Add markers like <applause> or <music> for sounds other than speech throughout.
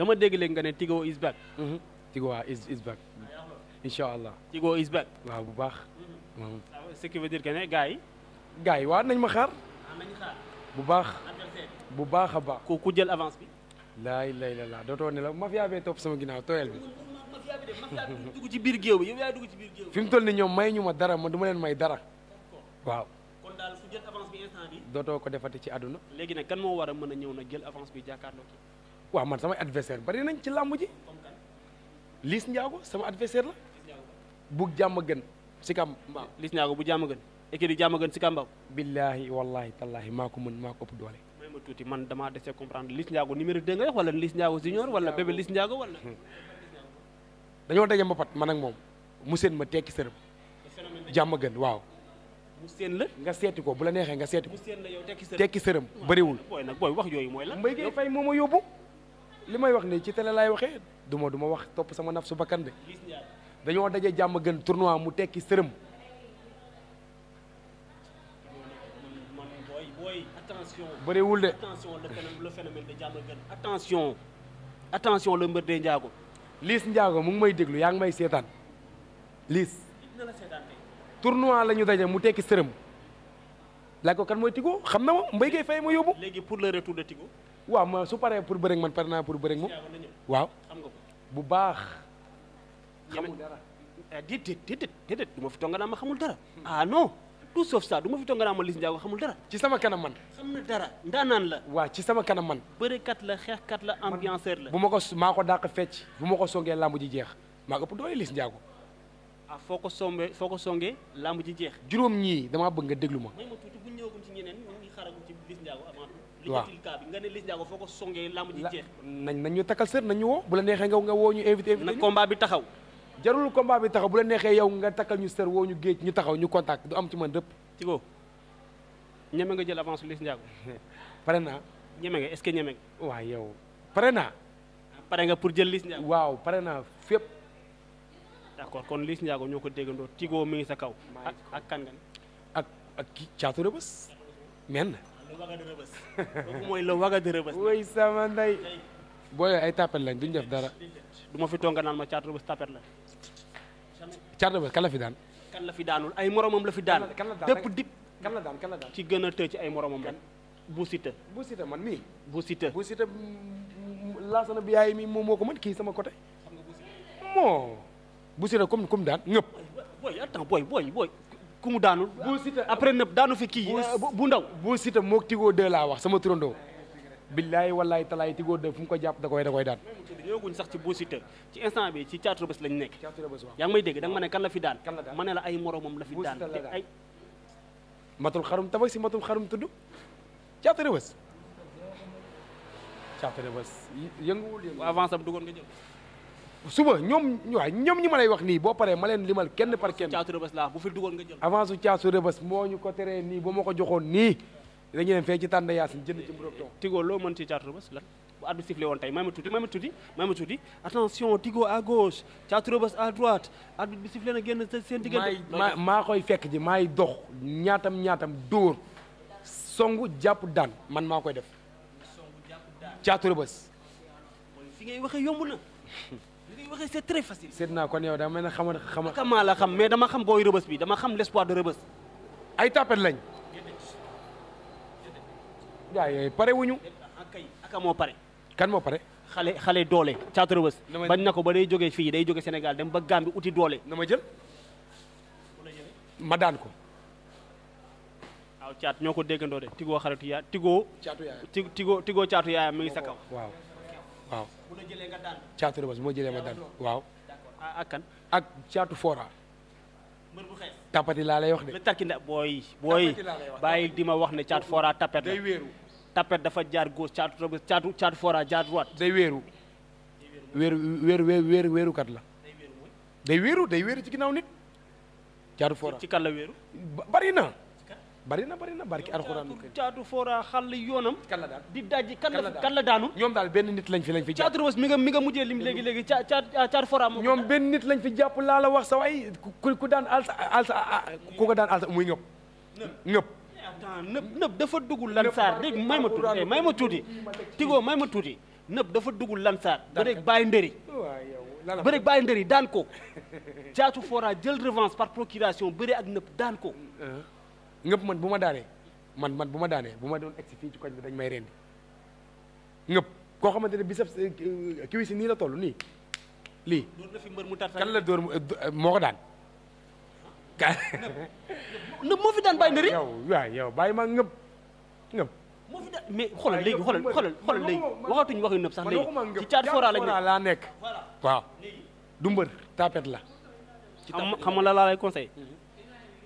dama dégg léegi nga ne Tigo is back. Mhm. Tigo waaw is is allah. Tigo is waaw bu baax. Mhm. ce qui veut ne gars yi. gars yi waaw nañ ma xaar. bu baax. bu baax a baax. ku jël avance bi. laay lay la laa dootoo ne la mafia topp sama ginnaaw tooyal bi. dugg ci biir géew bi yow yaa ci fi mu toll ni ñoom may ñu ma dara ma du leen may dara. waaw. kon dootoo ko defati ci àdduna. léegi nag kan moo war a mën a ñëw na jël avance bi jàkkaarloo kii. wa man sama adversaire bari nañ ci lamb ji lis Ndiago sama adversaire la bu jam gën si kam mbaaw Liss Ndiago bu jam gën écurie jam gën si kam mbaaw billaahi wallahi tallahi mako mën mako ko ëpp doole may ma tuti man dama déssé comprendre lis Ndiago numéro 2 nga wax wala lis Ndiago junior wala bébé lis Ndiago wala hmm. dañoo daje mbapat man ak mom mu seen ma tekki sërëm jam gën waaw mu seen la nga seeti ko bu la nexé nga seeti ko tekki bari wul boy nak boy wax yooyu moy la mbay fay moo ma li may wax nii ci tele laay waxee du duma wax topp sama naf su bakkan bi dañoo daje jàmm gën tournoi mu tekki sërëm bëriwul de attention attention le mbër de Ndiago Liss Ndiago mu ngi déglu yaa ngi may seetaan Liss tournoi la ñu daje mu tekki sërëm laaj ko kan mooy Tigo xam na ma mbéy kay fay ma yóbbu léegi pour le retour de waaw ma su paree pour bëreeg man pare naa pour bëreeg moom. waaw xam nga ko bu baax. xamul dara déedéet eh, déedéet déedéet du ma fi tonga nga ma xamul dara. ah non tout sauf ça du ma fi tonga nga ma lis Ndiago xamul dara. ci sama kanam man. xam na dara ndaanaan la. waaw ci sama kanam man. bërekat la kat la ambianceur la. bu ma ko maa ko dàq fecc bu ma ko songee lamb ji jeex maa ko ëpp doole Ndiago. ah foo ko songee foo ko songee ji jeex. juróom ñii dama bëgg nga déglu ma. waaw nga ne Liss foo ko songee lamb ji jeex ñu takkal sër nañ ñu woo bu neexee nga nga ñu invité invité na combat bi taxaw jarul combat bi taxaw bu la neexee yow nga takkal ñu sër woo ñu géej ñu taxaw ñu contact du am ci man dëpp Tigo ñeme nga jël avance <laughs> pare naa ñeme nga est-ce que ñeme nga yow pare naa ah, pare nga pour jël lis Ndiago waaw pare naa fépp d'accord kon Liss ñoo ko déggandoo Tigo mi ngi sa kaw ak kan nga ak ak caatu rëbës men kooku mooy la waga de rëbës. woy sama ndey. ay tapet lañ duñ def dara. du ma fi toog naan ma caatu rëbës la. caatu rëbës kan la kan la fi daanul ay moromam la fi daan. kan la daan dëpp dip. kan ci gën a tëj ci ay moromam la. bu sita bu sita man mii. bu sita bu sita laasana bi yaay mii moom moo ko mën kii sama côté. moo bu sita comme comme daan ñëpp. booy booy booy. ku mu daanul. bu après nëb daanu fi kii bu ndaw. bu Siteu moog Tigo laa wax sama turandoo. billaay wallaay talaay Tigo 2 fu mu ko jàpp da koy da koy daan. ñëwaguñ sax ci bu Siteu ci instant bi ci caatu bés lañ nekk. caatu bés waaw yaa ngi may dégg da nga ma ne kan la fi daan. kan la ne la ay moromam la fi daan ay. matul xarum tabax si matul xarum tudd caatu bés. caatu bés yënguwul yëngu. avance am duggoon nga jël. suba ñoom waaw ñoom ñi ma lay wax nii boo paree ma leen limal kenn par kenn. caatu rëbës laa bu fi dugoon nga jël. avance su caatu rëbës moo ñu ko teree nii ba ma ko joxoon nii dañu leen fee ci tànn yaasin jënd ci mburoog toog. Tigo loo mën ci caatu rëbës lan bu arbitre sifflé woon tey may ma tuuti may ma tuuti may ma seen diggante. maa koy fekk ji maay dox ñaatam ñaatam dóor songu jàpp daan man maa koy def caatu rëbës. fi ngay <laughs> li waxee c'est très facile. seet naa kon yow daa mel ne xama xama. xamaa la xam mais dama xam booy rëbës bi dama xam l'espoir de rëbës. ay tapet lañ. gars yooyu pare wuñu. Ah, kay aka moo kan moo pare. xale xale doole caatu rëbës. bañ na ko ba day jógee fii day jógee Sénégal dem ba Gambie uti doole. na ma jël. ma daan ko. waaw caat ñoo ko déggandoo de tigoo xaritu yaa tigoo. tigoo tigoo caatu yaayam mi ngi sa kaw waaw. waaw bu la jëlee caatu Rebeuss bu ma jëlee daan waaw. Ah, ak kan ak caatu Fora. mbër laa lay wax de. le tarkinda booy. booy bàyyi di ma wax ne caatu Fora tapet la. day dafa jaar gauche caatu Rebeuss caatu caatu Fora jaar droite. day wéeru. wéeru wéeru wéeru wéeru kat la. day wéeru day wéeru ci ginnaaw nit. caatu Fora ci kan la wéeru. bari bari na bari na barki alxuraanu caatu foora xàll yoonam kan la daan di dajji kan la kan la daanu ñoom daal benn nit lañ fi lañ fi jàpp caatu mi nga ñoom benn nit lañ fi jàpp laa la wax sa waay ku ku daan alsa alsa ku ko daan alsa muy ngëp ngëp nëb nëb dafa dugg lansaar dégg may ma tuuti may ma tuuti tigoo may ma tuuti nëb dafa dugg lansaar ba rek bàyyi ndëri bëri bàyyi ndëri daan ko caatu foora jël revanche par procuration bëri ak nëb daan ko uh-huh. ngëpp man bu ma daanee man man bu ma daanee bu ma doon egsi ci koñ bi dañ may rendi ngëpp koo xamante ne biceps eh, eh, kiwi nii la toll nii lii. doon na mu tartan kan la door eh, moo ko daan. nëb moo fi daan bàyyi ndëri. yow waaw yow bàyyi ma ngëpp ngëpp. moo fi daan mais xoolal léegi xoolal xoolal xoolal sax léegi ci caat fora lañ nekk laa nekk waaw du mbër tapet la. xam nga la laa lay conseil mhm.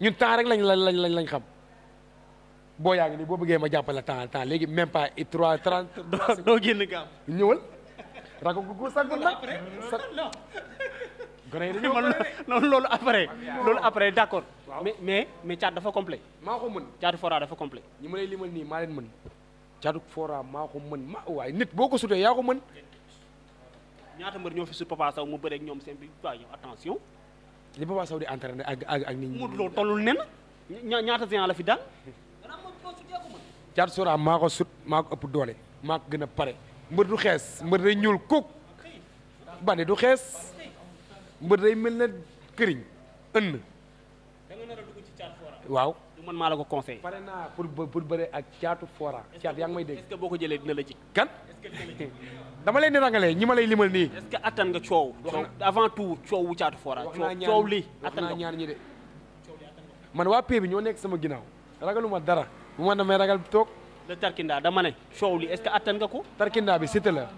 ñun temps rek lañ lañ lañ lañ xam boo yaa ngi nii boo bëggee ma jàppale temps temps léegi même pas i trois trente. <laughs> doo génn gaaw ñëwal. rago gu gu sagul nag gone yi <laughs> dañoo man loolu après loolu après d' accord. mais mais mais dafa complet maa ko mën caatu fora dafa complet ñi ma lay limal nii maa leen mën. caatu fora maa ko mën ma waaye nit boo ko sutee yaa ko mën. ñaata mbër ñoo fi su Papa Sow mu bëreeg ñoom seen bi waaye attention. li Papa Sow di entraîné ak ak ni nit ñi. Modou Lo tollul nen ña ñaata géant la fi daan. caatu sora maa ko sut maa ëpp doole maa ko gën a pare mbër du xees mbër day ñuul kuk bane du xees mbër day mel na këriñ ënn waaw man maa la ko conseil pare naa pour pour bëre ak caatu foora caatu yaa ngi may dégg est boo ko jëlee dina la ji. kan <laughs> dama leen di rangalee ñi ma lay limal nii. est-ce que attan coow. avant tout coow wu caatu fora. coow li attan nga ñaar ñi de. man waa P bi ñoo nekk sama ginnaaw ragaluma dara bu ma may ragal toog. le tarkinda dama ne coow li est-ce que attan nga ko. tarkinda bi cité la.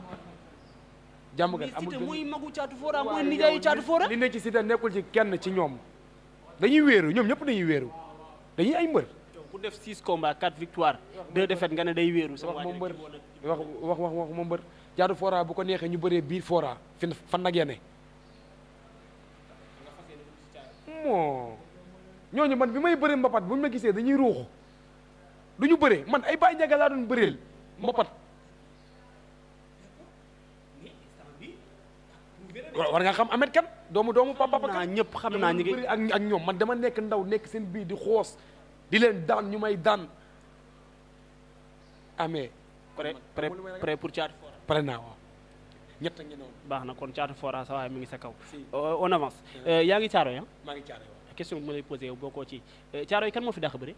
jàmm gan amul cité muy magu caatu fora mooy nijaayu caatu fora. li ne ci cité nekkul ci kenn ci ñoom dañuy wéeru ñoom ñëpp dañuy wéeru. dañuy ay mbër. ku def 6 combats 4 victoires 2 défaites nga ne day wéeru. sama wax ma mbër wax wax wax ma mbër jaadu fora bu ko neexee ñu bëree biir fora fin fan nag yene moo ñooñu man bi may bëri mbapat bu ma gisee dañuy ruux du ñu bëree man ay bàyyi njaga laa doon bëreel mbapat war nga xam Ameth kan doomu doomu papa kan ñëpp xam naa ñi ngi ak ak ñoom man dama nekk ndaw nekk seen biir di xoos di leen daan ñu may daan amee pré pré pré pour Thiatou Fora pré naa waaw ñett ngi noonu baax na kon Thiatou Fora sa waaye mi ngi sa kaw euh, euh, on avance euh, yaa ngi Thiaroye ah? maa ngi Thiaroye waaw question bi ma lay posé yow bokkoo ci Thiaroye kan moo fi dàq bëri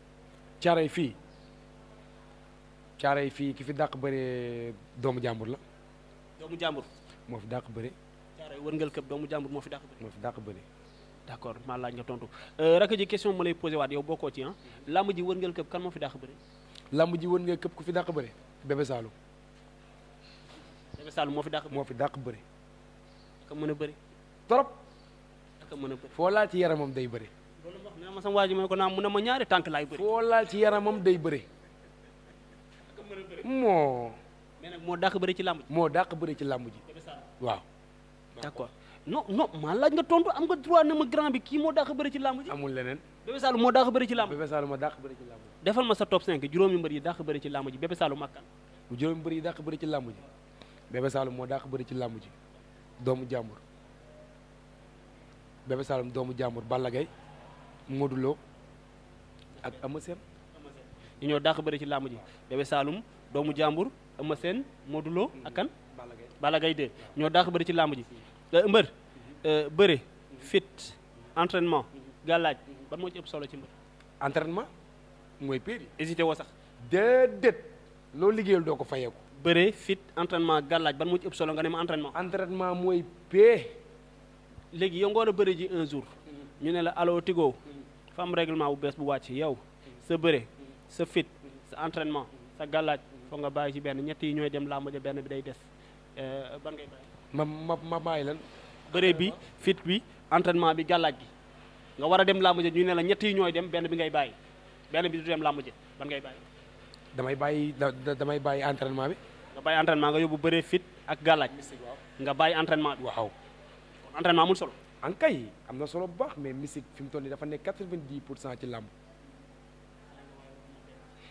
Thiaroye fii Thiaroye fii ki fi dàq bëri doomu jàmbur la doomu jàmbur moo fi dàq bëri Caaroy wërngal këpp doomu jàmbur moo fi dàq bëri. moo fi dàq bëri. d' accord maa laaj nga tontu euh, rakk ji question ma lay posé waat yow bokkoo ci ah. làmb ji wërngal këpp kan moo fi dàq bëri. làmb ku fi dàq bëri Bébé Saloum. Bébé Saloum moo fi dàq bëri moo fi dàq bëri. daka a bëri. trop. daka mën a foo laal ci yaramam day bëri. loolu wax waa ji naa mu ne ma ñaari tànk laay bëri. foo laal ci yaramam day bëri. moo. mais nag ci làmb ji. moo dàq bëri ci làmb ji. waaw. d'accord non no maa laaj nga tontu am nga droit ne ma grand bi kii moo dàq bëri ci làmb ji. amul leneen. Bébé Saloum moo daq bëri ci làmb. Bébé Saloum moo dàq bëri ci làmb ji. defal ma sa top 5 juróomi mbër yi dàq bëri ci làmb ji Bébé Saloum ak kan. bu juróomi mbër yi dàq bëri ci làmb ji Bébé Saloum moo dàq bëri ci làmb ji doomu jàmbur doomu jàmbur Balla Gaye Modou Lo ak Ama ci làmb ji Bébé doomu jàmbur Ama Sène Modou Lo ak kan. Balla Gaye 2 ñoo daq bëri ci làmb ji. Euh, mbër euh, bëre fit entraînement gàllaaj ban moo ci ëpp solo ci mbër entraînement mooy péri hésité woo sax déedéet loo liggéeyal doo ko fayeeku bëre fit entraînement gàllaaj ban moo ci ëpp solo nga ne ma entraînement entraînement mooy pee léegi yow nga bëre ji un jour ñu ne la allo Tigo fa réglement bu bees bu wàcc yow sa bëre sa fit sa entraînement sa gallaaj foog nga bàyyi ci benn ñett yi ñooy dem làmb ja benn bi day des euh, ban ngay bàyyi ma ma ma bàyyi lan. bëre bi fit bi entraînement bi gàllaaj gi nga war a dem làmb ja ñu ne la ñetti yi ñooy dem benn bi ngay bàyyi benn bi du dem làmb ja ngay bàyyi. damay bàyyi damay bàyyi entraînement bi. nga bàyyi entraînement nga yóbbu bëre fit ak gàllaaj. nga bàyyi entraînement bi. waaw kon entraînement amul solo. en yi am na solo bu baax mais mystique fi mu toll nii dafa nekk quatre-vingt-dix pour cent ci làmb.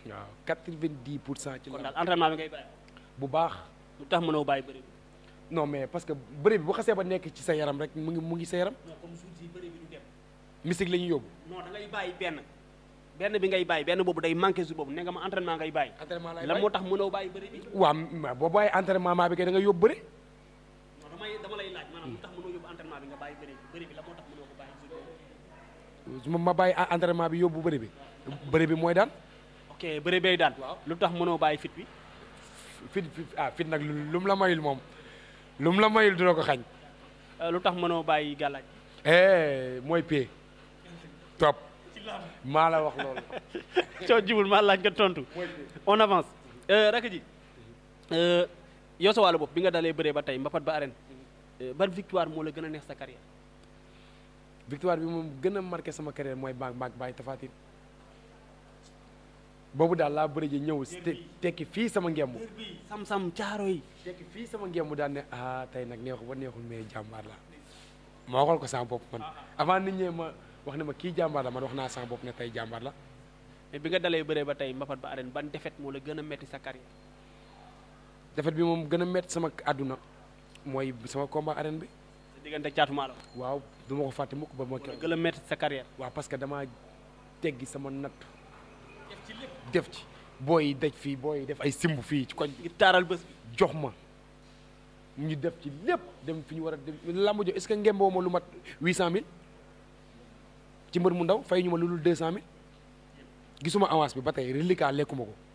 waaw quatre-vingt-dix pour cent ci làmb. kon daal bi ngay bàyyi. bu baax. lu tax mënoo bàyyi bëri. non mais parce que bëri bi bu xasse ba nek ci sa yaram rek mu ngi mu ngi sa yaram. non comme suuf si bëri bi du dem. mystique la ñuy non da ngay bayyi ben ben bi ngay bayyi ben bobu day manquer su bobu nga ma entraînement ngay bayyi entraînement lay bàyyi lan moo tax mënoo bi. wa bo bayyi entraînement ma bi kay da nga yobbu bëri. non damay dama lay laaj maanaam lu tax mënoo yóbbu entraînement bi nga bàyyi bëri bi bi lan moo tax ko bàyyi su ma bàyyi entraînement bi yóbbu bëri bi. bi ok bay fit bi. fit ah fit nag lu la mayul lu mu la mayul dina ko xañ. Euh, lu tax mënoo bàyyi gàllaaj. Eh, mooy pie top maa la wax loolu. <laughs> coo jibul maa laaj nga tontu. on avance. Euh, rakk ji euh, yow bopp bi nga dalee bëree ba tey mbapat ba arène ban victoire moo la gën a neex sa carrière. victoire bi moom gën a marqué sama carrière mooy baag baag bàyyi tafatin bobu dal la beureji ñew ñëw tekki fi sama ngemb sam-sam ciaro yi tekki fi sama ngemb dal ne ah tay nak neexu ba neexul me jambar la mo xol ko sama bop man avant nit ñee ma wax ne ma ki jambar la man wax na sama bop ne tay jambar la e bi nga dalé beure ba tay mafat ba arène ban defet mo la gëna metti sa carrière defet bi mom gëna metti sama aduna, moy sama combat arène bi sa ciatu caatu maalo waaw du ko fàtte mukk ba mo gën metti sa carrière waaw parce que dama teggi sama natt def ci booy daj fii booy def ay simb fii ci koñ bi taaral bés jox ma ñu def ci lépp dem fi ñu war a dem lamb jo est-ce que ngemboo ma lu mat huit cent mille ci mbër mu ndaw fay ñu ma lu dul deux cent mille gisuma avance bi ba tey reliquat lekkuma ko